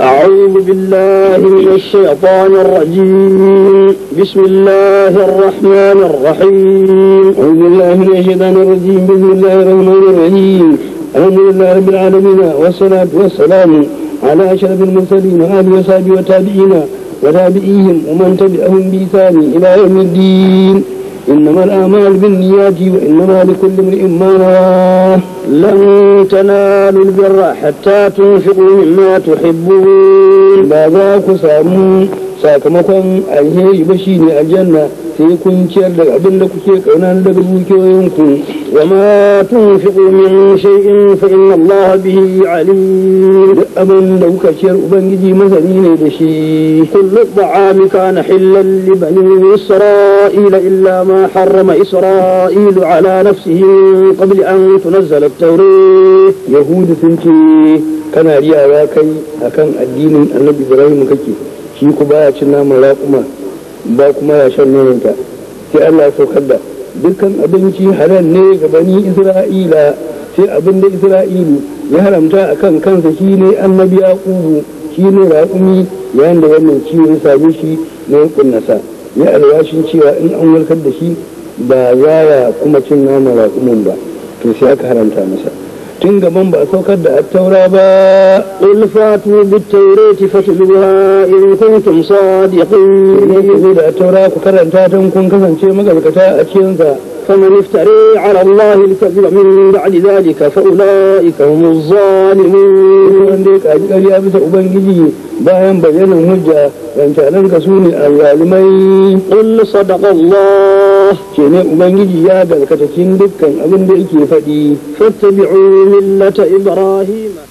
أعوذ بالله من الشيطان الرجيم بسم الله الرحمن الرحيم أعوذ بالله من الشيطان الرجيم بسم الله الرحمن الرحيم الحمد لله رب العالمين والصلاة والسلام على أشرف المرسلين وآل وصحبه وتابعينا وتابعيهم ومن تبعهم بإحسان إلى يوم الدين إنما الأعمال بالنيات وإنما لكل امرئ ما نواه لن تنالوا البر حتى تنفقوا مما تحبون بابا كسامو ساكمكم أيها يبشيني الجنة وما تنفقوا من شيء فإن الله به عليم لأمن لو كشر أبنجي مثلين دشي كل الطعام كان حلا لبني إسرائيل إلا ما حرم إسرائيل على نفسه قبل أن تنزل التوراة يهود تنتي كان ريا راكي أكان الدين النبي إبراهيم كي شيكو باعتنا ملاكما ba kuma ya shan nononta sai Allah ya saukar da dukkan abinci haram ne ga bani Isra'ila sai abin da Isra'ilu ya haramta a kan kansa shi ne annabi ƙuru shi ne raƙumi yayin da wannan ciwo ya same shi na yankun ya alwashin cewa in an warkar da shi ba za kuma cin nama raƙumin ba to sai aka haramta masa تنجا بومبا سوكادا التورابا قل فاتوا بالتوريت بها إن كنتم صادقين إذا التوراك كرن تاتم كن كسن شيء مغل كتاء فمن افتري على الله الكذب من بعد ذلك فأولئك هم الظالمون عندك أجل يابس أبنجي باهم بجنا مجا وانت لنك سوني الظالمين قل صدق الله kenan ubangiji ya gaskata cikin dukkan abin da yake faɗi fattabi'u millata ibrahima